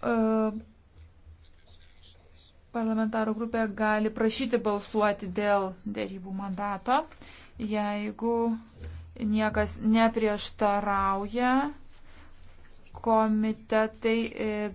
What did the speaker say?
E, parlamentarų grupė gali prašyti balsuoti dėl dėrybų mandato, jeigu niekas neprieštarauja komitetai e,